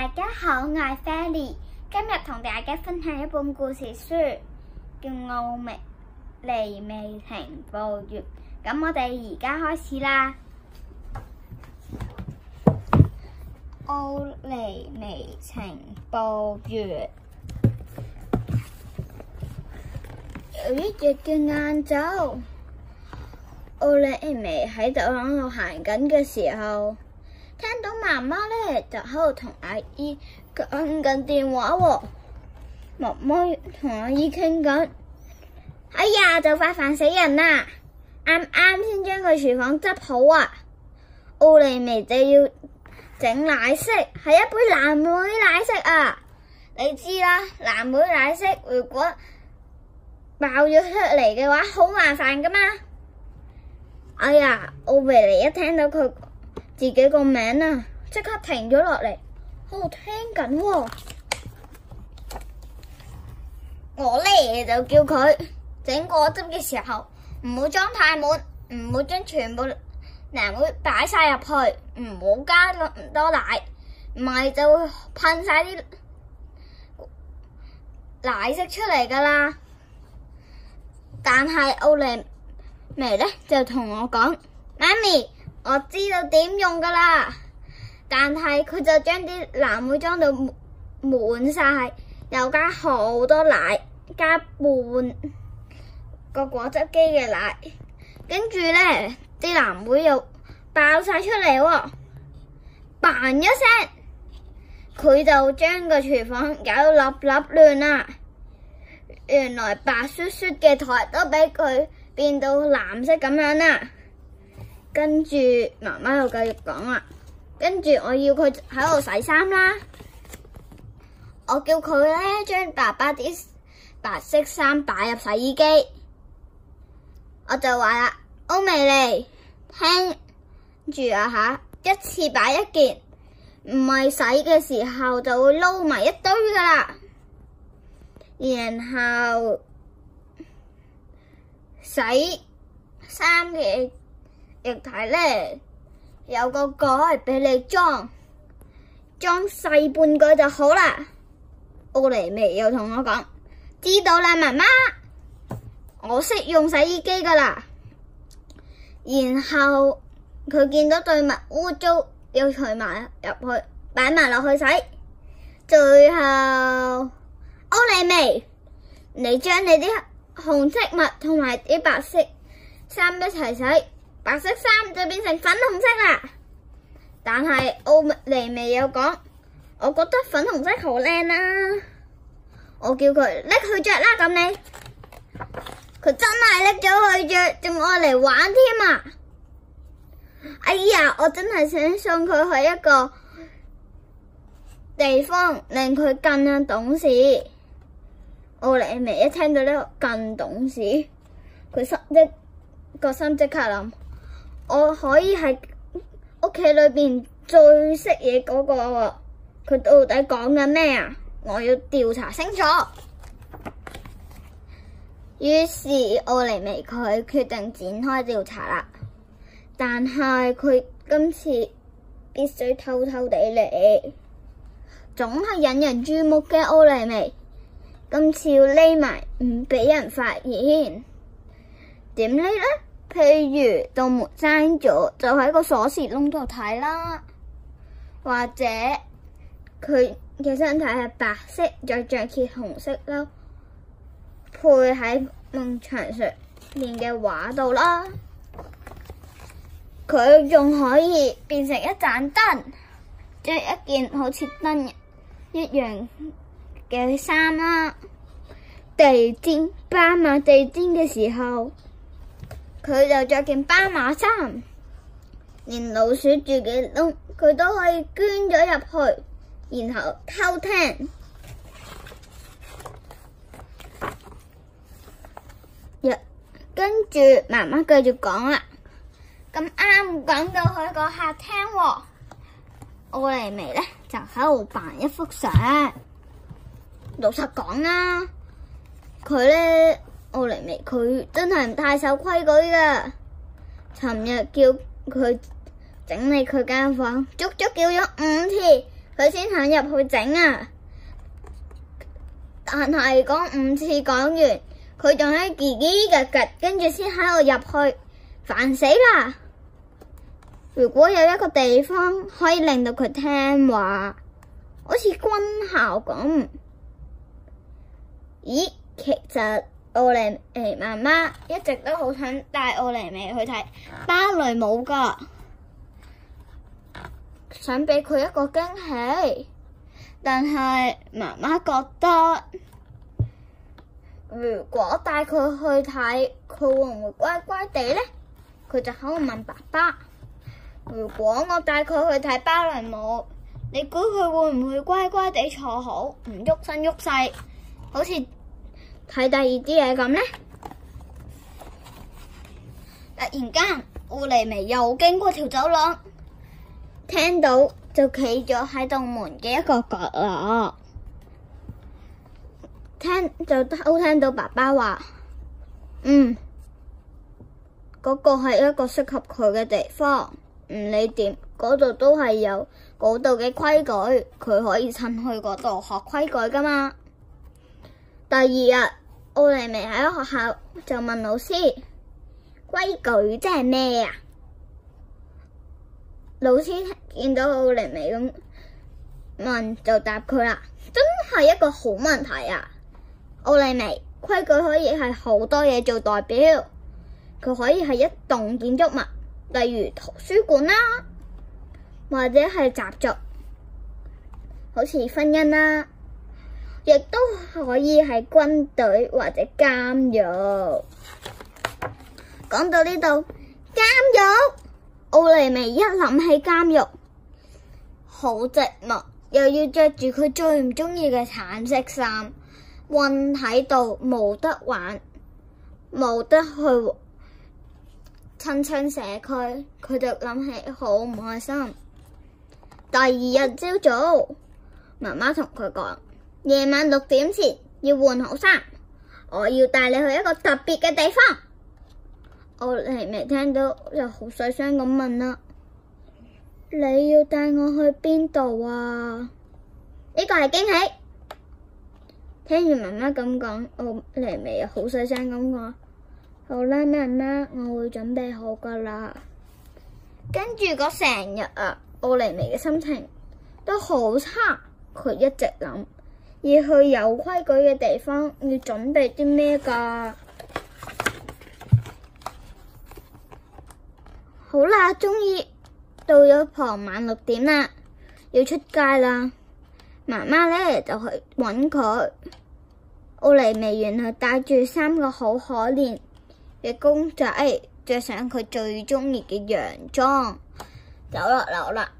大家好，我係 Fely，今日同大家分享一本故事書，叫《奧莉薇情報員》。咁我哋而家開始啦，《奧莉薇情報員》。有一日嘅晏晝，奧莉薇喺走廊度行緊嘅時候。聽到媽媽咧就喺度同阿姨講緊電話喎，媽媽同阿姨傾緊，哎呀就快煩死人啦！啱啱先將個廚房執好啊，奧莉薇就要整奶昔，係一杯藍莓奶昔啊！你知啦，藍莓奶昔如果爆咗出嚟嘅話好麻煩㗎嘛！哎呀，奧莉薇一聽到佢。自己個名啊，即刻停咗落嚟，喺度聽緊喎。我咧就叫佢整果汁嘅時候，唔好裝太滿，唔好將全部奶，唔好擺晒入去，唔好加咁多奶，唔係就會噴晒啲奶色出嚟噶啦。但係奧莉薇咧就同我講，媽咪。我知道點用噶啦，但係佢就將啲藍莓裝到滿晒，又加好多奶，加半個果汁機嘅奶，跟住呢啲藍莓又爆晒出嚟喎、哦，嘭一聲，佢就將個廚房搞到粒粒亂啦，原來白雪雪嘅枱，都俾佢變到藍色咁樣啦。跟住，媽媽又繼續講啦。跟住，我要佢喺度洗衫啦。我叫佢咧，將爸爸啲白色衫擺入洗衣機。我就話啦，奧莉薇，聽住啊吓，一次擺一件，唔係洗嘅時候就會撈埋一堆噶啦。然後洗衫嘅。液體咧，有個蓋俾你裝，裝細半個就好啦。奧莉薇又同我講，知道啦，媽媽，我識用洗衣機噶啦。然後佢見到對襪污糟，要除埋入去，擺埋落去洗。最後，奧莉薇，你將你啲紅色襪同埋啲白色衫一齊洗。白色衫就變成粉紅色啦，但係奧莉薇有講，我覺得粉紅色好靚啦。我叫佢搦去着啦，咁你，佢真係搦咗去着，仲愛嚟玩添啊！哎呀，我真係想送佢去一個地方，令佢更加懂事。奧莉薇一聽到呢個更懂事，佢心即個心即刻諗。我可以係屋企裏邊最識嘢嗰個，佢到底講緊咩啊？我要調查清楚。於是奧莉薇佢決定展開調查啦，但係佢今次必須偷偷地嚟，總係引人注目嘅奧莉薇今次要匿埋，唔俾人發現，點匿咧？譬如道門閂咗，就喺個鎖匙窿度睇啦；或者佢嘅身體係白色，再着件紅色褸啦，配喺夢牆上面嘅畫度啦。佢仲可以變成一盞燈，着一件好似燈一樣嘅衫啦。地氈斑馬地氈嘅時候。佢就着件斑馬衫，連老鼠住嘅窿，佢都可以捐咗入去，然後偷聽。又跟住媽媽繼續講啦，咁啱講到去個客廳，奧莉薇呢就喺度扮一幅相。老實講啦，佢呢。嚟佢真係唔太守規矩噶。尋日叫佢整理佢間房，足足叫咗五次，佢先肯入去整啊。但係講五次講完，佢仲喺自己嘅腳，跟住先喺度入去，煩死啦！如果有一個地方可以令到佢聽話，好似軍校咁，咦，其實。奧莉薇媽媽一直都好想帶奧莉薇去睇芭蕾舞噶，想俾佢一個驚喜。但係媽媽覺得，如果帶佢去睇，佢會唔會乖乖地咧？佢就喺度問爸爸：如果我帶佢去睇芭蕾舞，你估佢會唔會乖乖地坐好，唔喐身喐勢，好似？睇第二啲嘢咁咧，呢突然間奧莉薇又經過條走廊，聽到就企咗喺棟門嘅一個角落，聽就偷聽到爸爸話：嗯，嗰個係一個適合佢嘅地方，唔理點，嗰度都係有嗰度嘅規矩，佢可以趁去嗰度學規矩噶嘛。第二日，奧莉薇喺學校就問老師，規矩即係咩呀？」老師見到奧莉薇咁問就答佢啦，真係一個好問題呀、啊。奧莉薇，規矩可以係好多嘢做代表，佢可以係一棟建築物，例如圖書館啦、啊，或者係習俗，好似婚姻啦、啊。亦都可以喺軍隊或者監獄。講到呢度，監獄，奧莉薇一諗起監獄，好寂寞，又要着住佢最唔中意嘅橙色衫，困喺度，冇得玩，冇得去親親社區，佢就諗起好唔開心。第二日朝早，媽媽同佢講。夜晚六點前要換好衫。我要帶你去一個特別嘅地方。奧利薇聽到就好細聲咁問啦：你要帶我去邊度啊？呢個係驚喜。聽完媽媽咁講，奧利薇好細聲咁話：好啦，媽媽，我會準備好噶啦。跟住嗰成日啊，奧利薇嘅心情都好差，佢一直諗。要去有規矩嘅地方，要準備啲咩㗎？好啦，終於到咗傍晚六點啦，要出街啦。媽媽呢就去搵佢，奧莉薇原來帶住三個好可憐嘅公仔，着上佢最鍾意嘅洋裝，走落樓啦。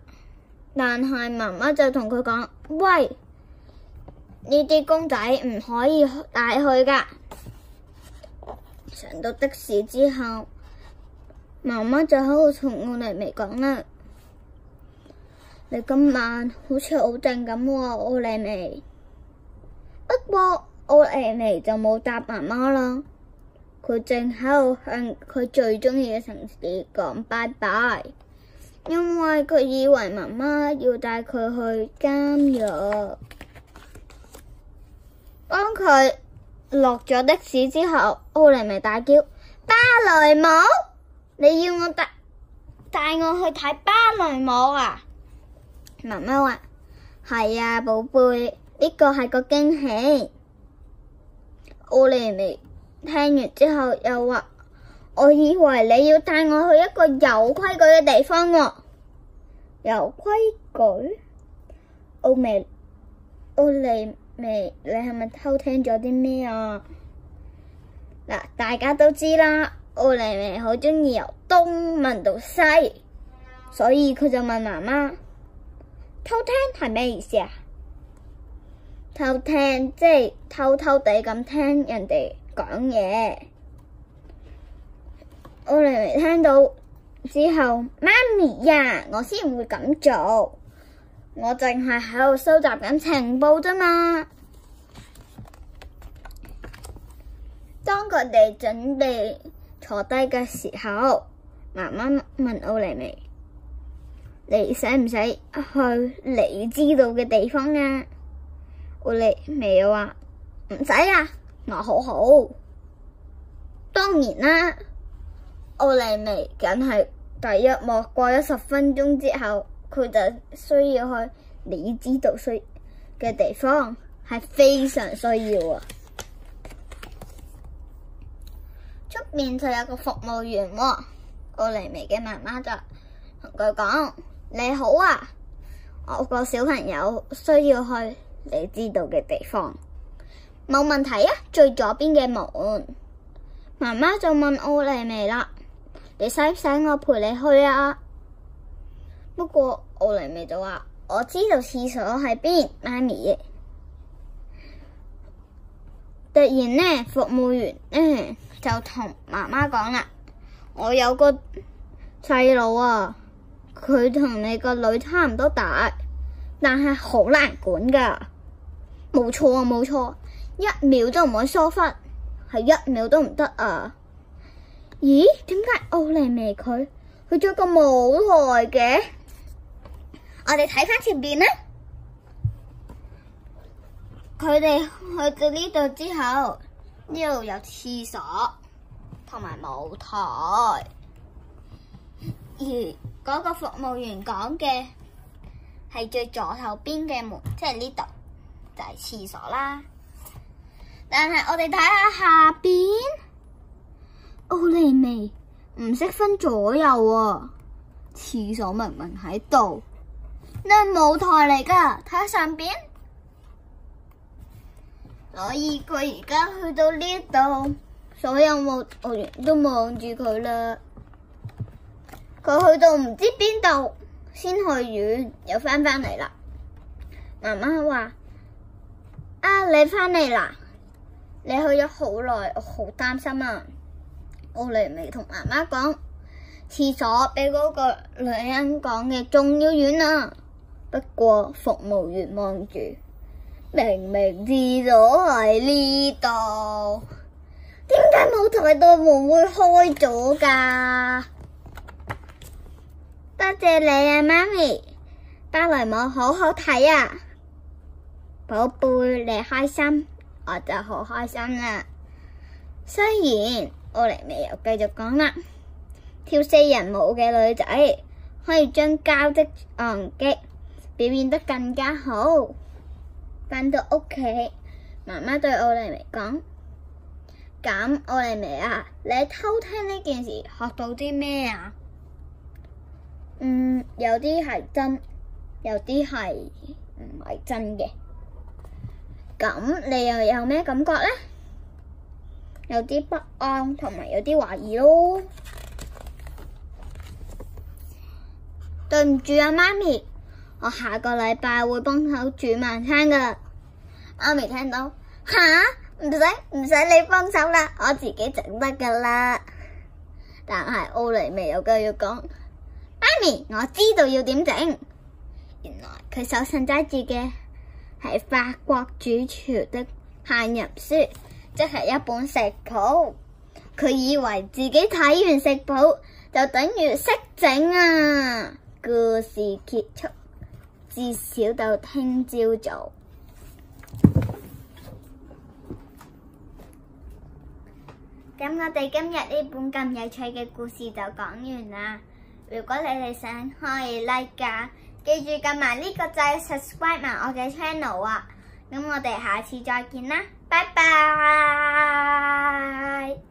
但係媽媽就同佢講：喂！呢啲公仔唔可以帶去噶。上到的士之後，媽媽就喺度同奧莉薇講啦： 你今晚好似好靜咁喎，奧莉薇。不過奧莉薇就冇答媽媽啦，佢正喺度向佢最鍾意嘅城市講拜拜，因為佢以為媽媽要帶佢去監獄。當佢落咗的士之後，奧莉薇大叫：芭蕾舞，你要我帶帶我去睇芭蕾舞啊！媽媽話：係呀，寶貝，呢、啊、個係個驚喜。奧莉薇聽完之後又話：我以為你要帶我去一個有規矩嘅地方喎、哦，有規矩。奧莉薇，奧莉薇。你係咪偷聽咗啲咩啊？大家都知啦，奧莉薇好鍾意由東問到西，所以佢就問媽媽：偷聽係咩意思啊？偷聽即係偷偷地咁聽人哋講嘢。奧莉薇聽到之後，媽咪呀、啊，我先唔會咁做。我淨係喺度收集緊情報啫嘛。當佢哋準備坐低嘅時候，媽媽問奧莉薇，你使唔使去你知道嘅地方啊？奧莉薇話：唔使啊，我好好。當然啦，奧莉薇梗係第一幕。過咗十分鐘之後。佢就需要去你知道需嘅地方，係非常需要啊！出面就有個服務員喎、哦，奧莉薇嘅媽媽就同佢講：你好啊，我個小朋友需要去你知道嘅地方，冇問題啊！最左邊嘅門。媽媽就問奧莉薇啦：你使唔使我陪你去啊？不過奧莉薇就話，我知道廁所喺邊，媽咪。突然呢服務員咧，嗯、就同媽媽講啦：我有個細佬啊，佢同你個女差唔多大，但係好難管噶。冇錯啊，冇錯，一秒都唔可以疏忽，係一秒都唔得啊！咦？點解奧莉薇佢佢去咗咁耐嘅？我哋睇返前面啦，佢哋去到呢度之後，呢度有廁所同埋舞台，而嗰個服務員講嘅係最左手邊嘅門，即係呢度就係、是、廁所啦。但係我哋睇下下邊，奧莉薇唔識分左右啊！廁所明明喺度。呢個舞台嚟㗎，睇上邊，所以佢而家去到呢度，所有望學都望住佢啦。佢去到唔知邊度，先去遠又返返嚟啦。媽媽話：啊，你返嚟啦！你去咗好耐，我好擔心啊！奧莉薇同媽媽講，廁所比嗰個女人講嘅仲要遠啊！不過服務員望住，明明知咗係呢度，點解舞台道門會開咗㗎？多謝你啊，媽咪，芭蕾舞好好睇啊！寶貝你開心，我就好開心啦、啊。雖然奧莉薇又繼續講啦，跳四人舞嘅女仔可以將膠的撞擊。嗯表現得更加好。返到屋企，媽媽對奧莉薇講：咁奧莉薇啊，你偷聽呢件事學到啲咩啊？嗯，有啲係真，有啲係唔係真嘅。咁你又有咩感覺呢？有啲不安，同埋有啲懷疑咯。對唔住啊，媽咪。我下個禮拜會幫手煮晚餐噶。媽咪聽到吓，唔使唔使你幫手啦，我自己整得噶啦。但係奧莉薇有繼續講，媽咪，我知道要點整。原來佢手上揸住嘅係法國主廚的烹飪書，即係一本食譜。佢以為自己睇完食譜就等於識整啊。故事結束。至少到聽朝早。咁我哋今日呢本咁有趣嘅故事就講完啦。如果你哋想可以 like 㗎，記住撳埋呢個掣 Subscribe 埋我嘅 channel 啊。咁我哋下次再見啦，拜拜。